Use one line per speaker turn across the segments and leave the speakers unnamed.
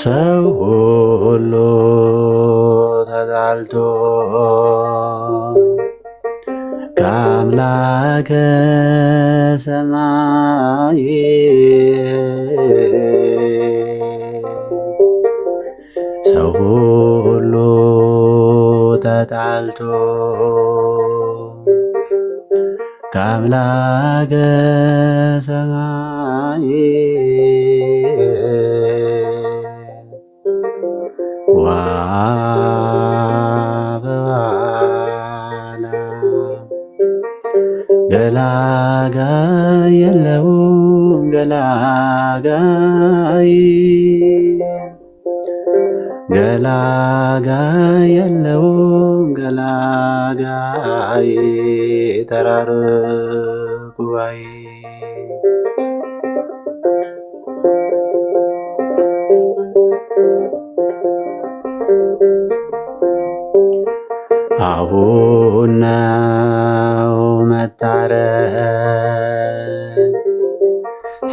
ሰው ሁሉ ተጣልቶ ከአምላከ ሰማይ ሰው ሁሉ ተጣልቶ ከአምላከ ሰማይ ዋበዋላ ገላጋይ የለውም ገላጋይ ገላጋይ የለውም ገላጋይ ተራር ጉባኤ አሁን ነው መታረቅ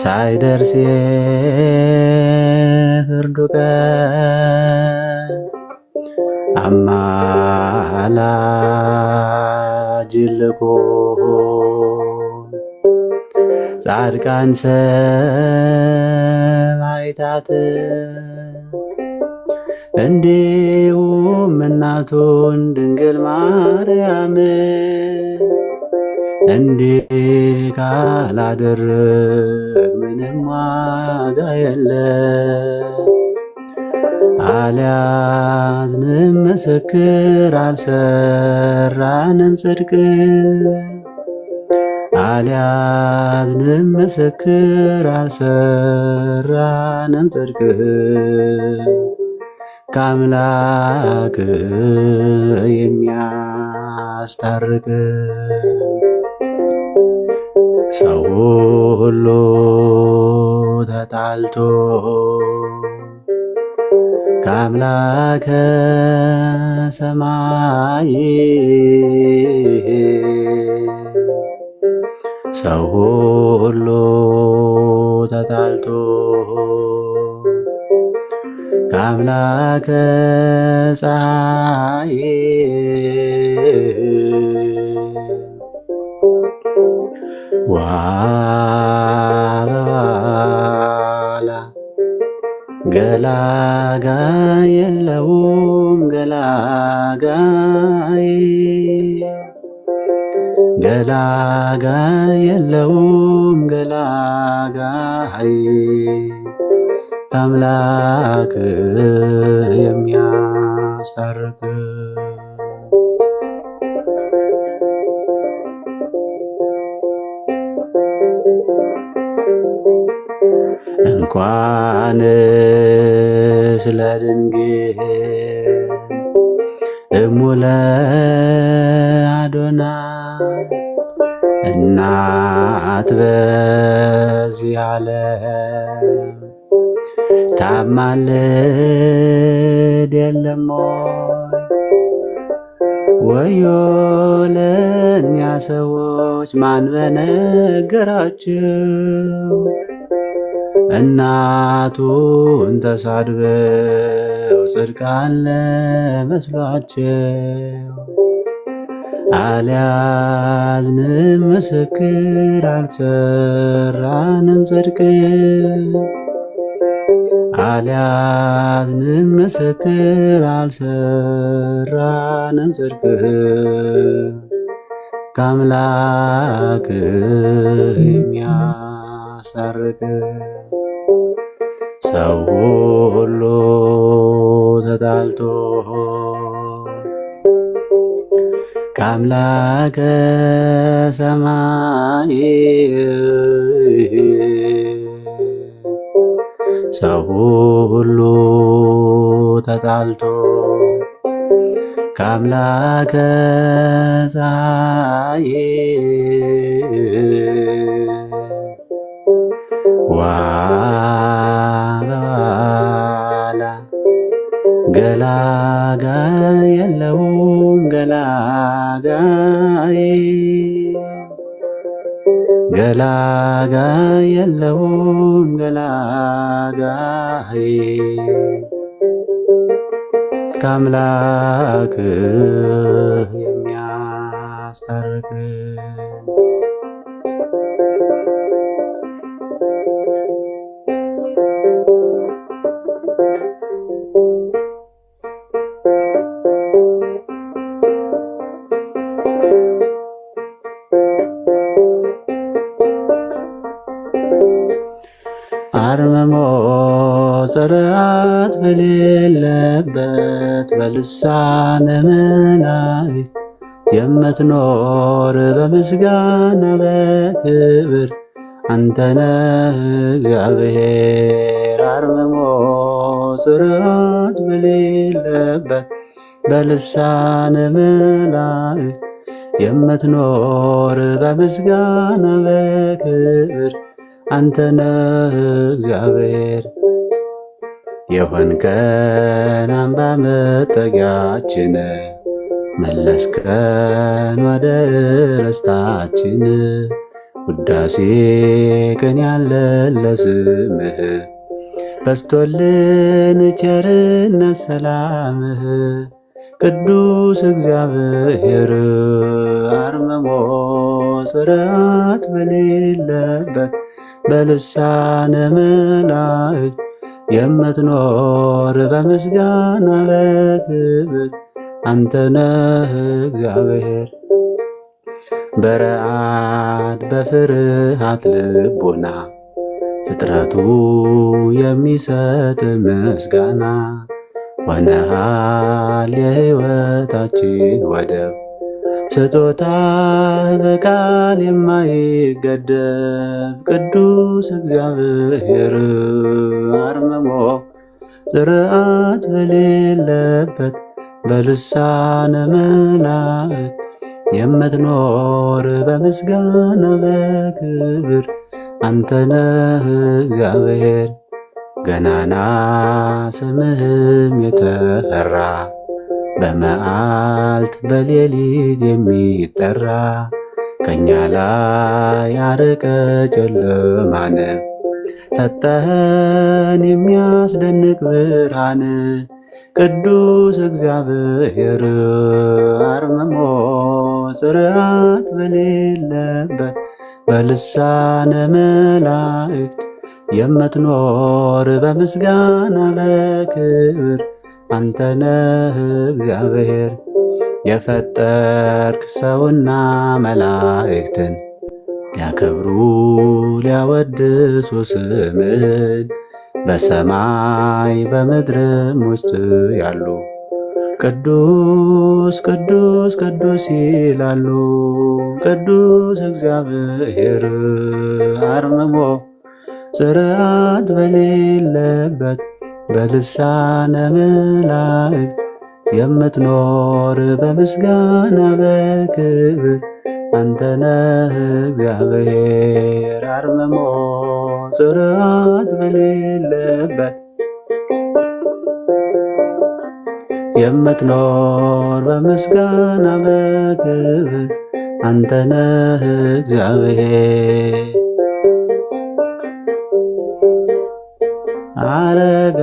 ሳይደርስ የፍርዱ ቀን አማላጅ ልኮ ጻድቃን ሰማዕታት እንዲሁም እናቱን ድንግል ማርያም እንዲህ ካላደረግ ምንም ዋጋ የለ። አልያዝንም ምስክር አልሰራንም ጽድቅ አልያዝንም ምስክር አልሰራንም ጽድቅ ከአምላክ የሚያስታርቅ ሰው ሁሉ ተጣልቶ ከአምላከ ሰማይ ሰው ሁሉ ተጣልቶ አምላከ ፀሐይ ዋላ ገላጋ የለውም ገላጋይ ገላጋ የለውም ገላጋይ ታምላክ የሚያስታርቅ እንኳንስ ለድንግል እሙለ አዶና እናት በዚህ ዓለም ታማልድ የለም ወዮ ለኛ ሰዎች ማን በነገራቸው እናቱን ተሳድበው ጽድቃን ለመስሏቸው አልያዝንም ምስክር አልሰራንም ጽድቅ አልያዝንም ምስክር አልሰራንም ጽድቅ ከአምላክ የሚያሳርቅ ሰው ሁሉ ተጣልቶ ከአምላከ ሰማይ ሰው ሁሉ ተጣልቶ ከአምላከ ፀሐይ ዋበዋላ ገላጋ የለውም ገላጋ ገላጋ የለውም ገላጋይ ከአምላክ የሚያስታርቅ መሰረት በሌለበት በልሳነ መላእክት የምትኖር በምስጋና በክብር አንተነ እግዚአብሔር አርምሞ ጽራት በሌለበት በልሳነ መላእክት የምትኖር በምስጋና በክብር አንተነ እግዚአብሔር የሆንከን አምባ መጠጊያችን መለስከን ወደ ርስታችን ውዳሴ ቀን ያለን ለስምህ በስቶልን ቸርነት ሰላምህ ቅዱስ እግዚአብሔር አርምሞ ስርዓት በሌለበት በልሳነ መላእክት የምትኖር በምስጋና በክብር አንተ ነህ እግዚአብሔር። በረአድ በፍርሃት ልቡና ፍጥረቱ የሚሰጥ ምስጋና ሆነሃል የሕይወታችን ወደብ ስጦታህ በቃል የማይገደብ ቅዱስ እግዚአብሔር አርምሞ ጽርዓት በሌለበት በልሳነ መላእክት የምትኖር በምስጋና በክብር አንተነህ እግዚአብሔር ገናና ስምህም የተፈራ በመዓልት በሌሊት የሚጠራ ከኛ ላይ አረቀ ጨለማን ሰጠኸን የሚያስደንቅ ብርሃን ቅዱስ እግዚአብሔር አርምሞ ጽርዓት በሌለበት በልሳነ መላእክት የምትኖር በምስጋና በክብር አንተነ እግዚአብሔር የፈጠርክ ሰውና መላእክትን ሊያከብሩ ሊያወድሱ ስምን በሰማይ በምድርም ውስጥ ያሉ ቅዱስ ቅዱስ ቅዱስ ይላሉ። ቅዱስ እግዚአብሔር አርምሞ ጽርዓት በሌለበት በልሳነ መላእክት የምትኖር በምስጋና በክብር አንተነህ እግዚአብሔር አርምሞ ጽርዓት በሌለበት የምትኖር በምስጋና በክብር አንተነህ እግዚአብሔር አረጋ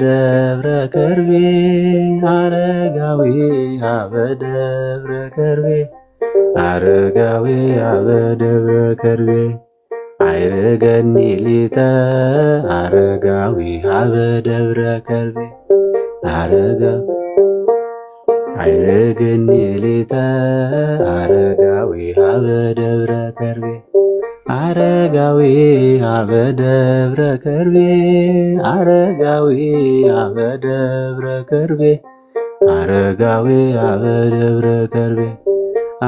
በደብረ ከርቤ አረጋዊ በደብረ ከርቤ አረጋዊ በደብረ ከርቤ አይርገኒ ሊተ አረጋዊ በደብረ ከርቤ አረጋ አይርገኒ ሊተ አረጋዊ በደብረ ከርቤ አረጋዊ አበደብረ ከርቤ አረጋዊ አበደብረ ከርቤ አረጋዊ አበደብረ ከርቤ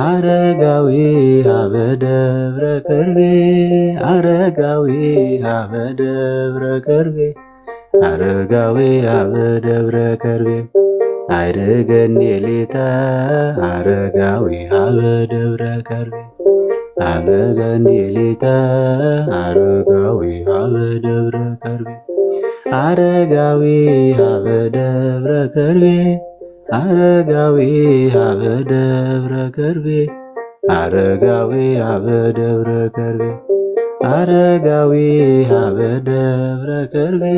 አረጋዊ አበደብረ ከርቤ አረጋዊ አበደብረ ከርቤ አረጋዊ አበደብረ ከርቤ አይርገን የሌታ አረጋዊ አበደብረ ከርቤ አበገንዲ ሊቀ አረጋዊ አበደብረ ከርቤ አረጋዊ አበደብረ ከርቤ አረጋዊ አበደብረ ከርቤ አረጋዊ አበደብረ ከርቤ አረጋዊ አበደብረ ከርቤ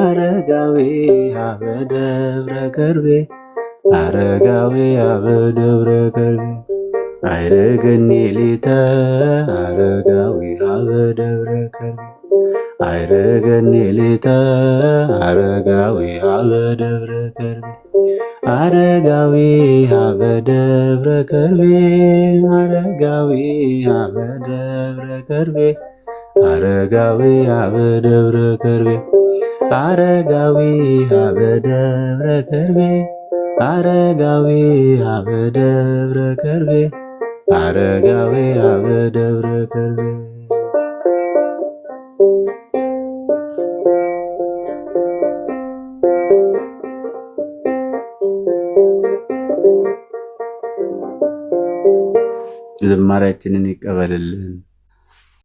አረጋዊ አበደብረ ከርቤ አረጋዊ አበደብረ ከርቤ አይረገኒ ሊተ አረጋዊ አበደብረ ከርቤ አይረገኒ ሊተ አረጋዊ አበደብረ ከርቤ አረጋዊ አበደብረ ከርቤ አረጋዊ አበደብረ ከርቤ አረጋዊ አበደብረ ከርቤ አረጋዊ አበደብረ ከርቤ አረጋዊ አበደብረ ከርቤ አረጋዊ አበደብረ ከርቤ ዝማሪያችንን ይቀበልልን።